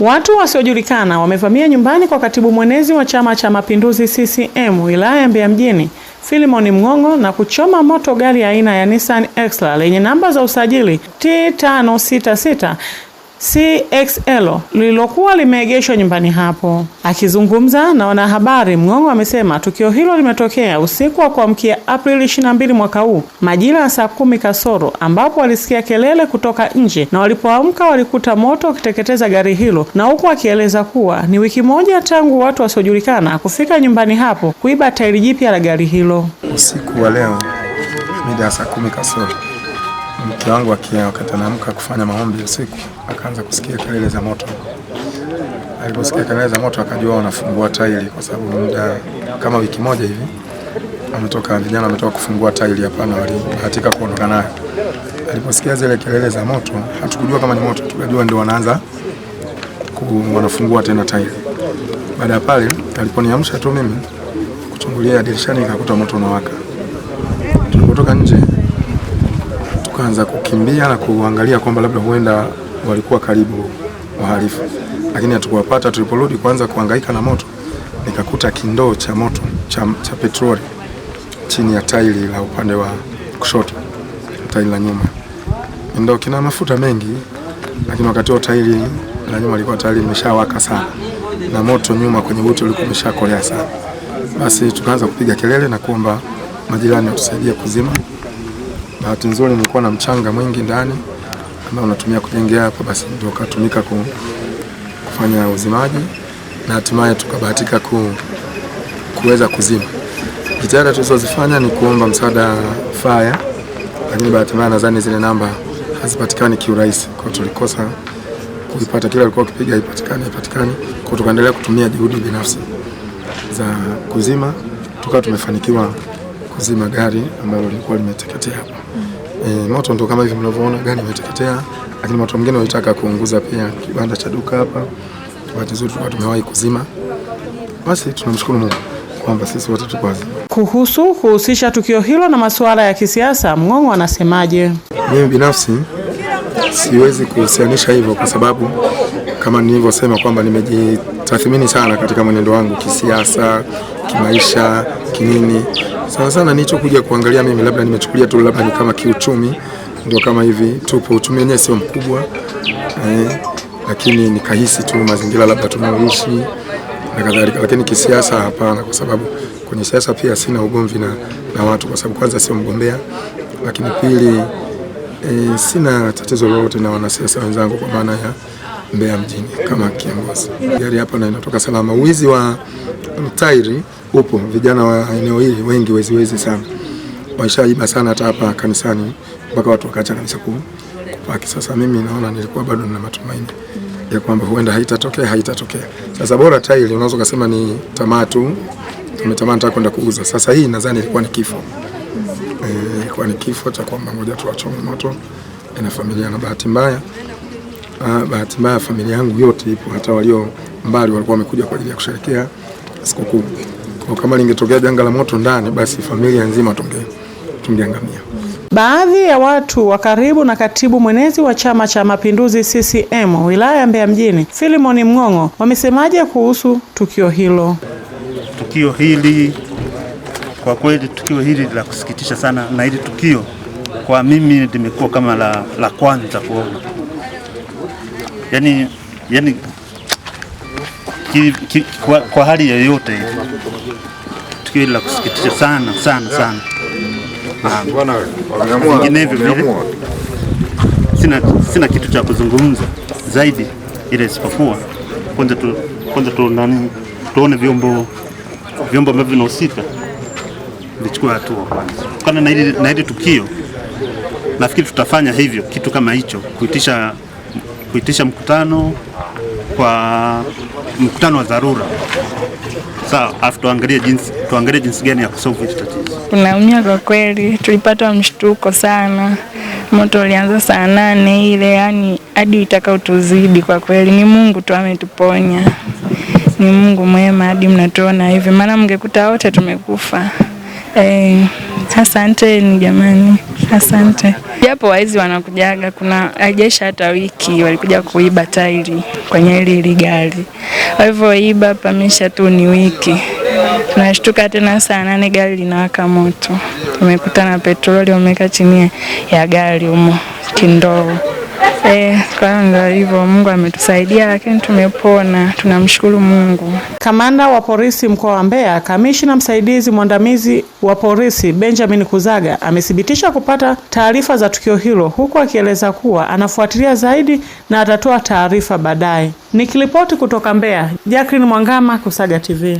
Watu wasiojulikana wamevamia nyumbani kwa katibu mwenezi wa Chama cha Mapinduzi CCM wilaya ya Mbeya mjini Filimoni Mng'ong'o na kuchoma moto gari aina ya Nissan Extra lenye namba za usajili T566 CXL lililokuwa limeegeshwa nyumbani hapo. Akizungumza na wanahabari, Mng'ong'o amesema tukio hilo limetokea usiku wa kuamkia Aprili 22 mwaka huu majira ya saa kumi kasoro, ambapo walisikia kelele kutoka nje na walipoamka walikuta moto ukiteketeza gari hilo, na huku akieleza kuwa ni wiki moja tangu watu wasiojulikana kufika nyumbani hapo kuiba tairi jipya la gari hilo usiku wa leo mida saa kumi kasoro mke wangu wakati anaamka kufanya maombi usiku akaanza kusikia kelele za moto. Aliposikia kelele za moto akajua wanafungua taili, kwa sababu muda kama wiki moja hivi ametoka vijana ametoka kufungua taili hapa na walibahatika kuondoka nayo. Aliposikia zile kelele za moto, hatukujua kama ni moto, tukajua ndio wanaanza wanafungua tena taili. Baada ya pale, aliponiamsha tu mimi kuchungulia dirishani, nikakuta moto unawaka. Tulipotoka nje tukaanza kukimbia na kuangalia kwamba labda huenda walikuwa karibu wahalifu, lakini hatukuwapata. Tuliporudi kuanza kuhangaika na moto, nikakuta kindoo cha moto cha, cha petroli chini ya tairi la upande wa kushoto, tairi la nyuma. Kindoo kina mafuta mengi, lakini wakati huo tairi la nyuma lilikuwa tayari limeshawaka sana na moto nyuma kwenye buti ulikuwa umeshakolea sana. Basi tukaanza kupiga kelele na kuomba majirani watusaidie kuzima Bahati nzuri nilikuwa na mchanga mwingi ndani ambao unatumia kujengea hapa, basi ndio katumika kufanya uzimaji na hatimaye tukabahatika ku, kuweza kuzima. Jitihada tulizozifanya ni kuomba msaada faya, lakini bahati mbaya nadhani zile namba hazipatikani kiurahisi, kwa tulikosa kuipata, kila alikuwa kipiga haipatikani, haipatikani, kwa tukaendelea kutumia juhudi binafsi za kuzima, tukawa tumefanikiwa kuzima gari ambalo lilikuwa limeteketea hapa. E, moto ndo kama hivi mnavyoona gari limeteketea, lakini moto mwingine walitaka kuunguza pia kibanda cha duka hapa. Bahati nzuri tulikuwa tumewahi kuzima. Basi tunamshukuru Mungu kwamba sisi wote tuko wazima. Kuhusu kuhusisha tukio hilo na masuala ya kisiasa, Mng'ong'o anasemaje? Mimi binafsi siwezi kuhusianisha hivyo kwa sababu kama nilivyosema kwamba nimejitathmini sana katika mwenendo wangu kisiasa, kimaisha, kinini sana sana kuja kuangalia mimi, labda nimechukulia tu, labda ni kama kiuchumi, ndio kama hivi tupo, uchumi wenyewe sio mkubwa eh, lakini nikahisi tu mazingira labda tunaoishi na kadhalika, lakini kisiasa hapana, kwa sababu kwenye siasa pia sina ugomvi na, na watu kwa sababu kwanza sio mgombea, lakini pili E, sina tatizo lolote na wanasiasa wenzangu kwa maana ya Mbeya mjini kama kiongozi. Gari hapa na inatoka salama. Wizi wa mtairi upo, vijana wa eneo hili wengi wezi wezi sana, waishaiba sana hata hapa kanisani mpaka watu wakaacha kabisa kupaki. Sasa mimi naona nilikuwa bado nina matumaini ya kwamba huenda haitatokea, haitatokea. Sasa bora tairi unaweza kusema ni tamaa tu, umetamani kwenda kuuza. Sasa hii nadhani ilikuwa ni kifo ilikuwa ni kifo cha kwamba moja tu moto na familia, na bahati mbaya ah, bahati mbaya familia yangu yote ipo, hata walio mbali walikuwa wamekuja kwa ajili ya kusherekea sikukuu. Kwa kama lingetokea janga la moto ndani, basi familia nzima tunge tungeangamia. Baadhi ya watu wa karibu na katibu mwenezi wa Chama cha Mapinduzi CCM wilaya ya Mbeya mjini Filimoni Mng'ong'o wamesemaje kuhusu tukio hilo? Tukio hili kwa kweli tukio hili la kusikitisha sana, na hili tukio kwa mimi limekuwa kama la, la kwanza kuona yani, yani ki, ki, kwa, kwa hali yoyote tukio hili la kusikitisha sana sana sana, vinginevyo sina, sina kitu cha kuzungumza zaidi ile isipokuwa kwanza tu, kwanza tu, tuone vyombo vyombo ambavyo vinahusika lichukue hatua kwanza. Kutokana na hili na hili tukio, nafikiri tutafanya hivyo kitu kama hicho, kuitisha kuitisha mkutano kwa mkutano wa dharura sawa, afu tuangalie jinsi tuangalie jinsi gani ya kusolve hili tatizo. Tunaumia kwa kweli, tulipata mshtuko sana. Moto ulianza saa nane ile, yani hadi itakaotuzidi kwa kweli, ni Mungu tu ametuponya. Ni Mungu mwema hadi mnatuona hivi, maana mngekuta wote tumekufa. Eh, asanteni jamani, asante. Japo waizi wanakujaga, kuna ajesha hata wiki, walikuja kuiba tairi kwenye hili hili gari, iba pamisha tu ni wiki, tunashtuka tena saa nane gari linawaka moto, tumekuta na petroli wameweka chini ya gari humo kindoo Eh, kwa ndo hivyo Mungu ametusaidia lakini tumepona, tunamshukuru Mungu. Kamanda wa polisi mkoa wa Mbeya, kamishina msaidizi mwandamizi wa polisi Benjamin Kuzaga amethibitisha kupata taarifa za tukio hilo huku akieleza kuwa anafuatilia zaidi na atatoa taarifa baadaye. Nikiripoti kutoka Mbeya, Jacqueline Mwangama, Kusaga TV.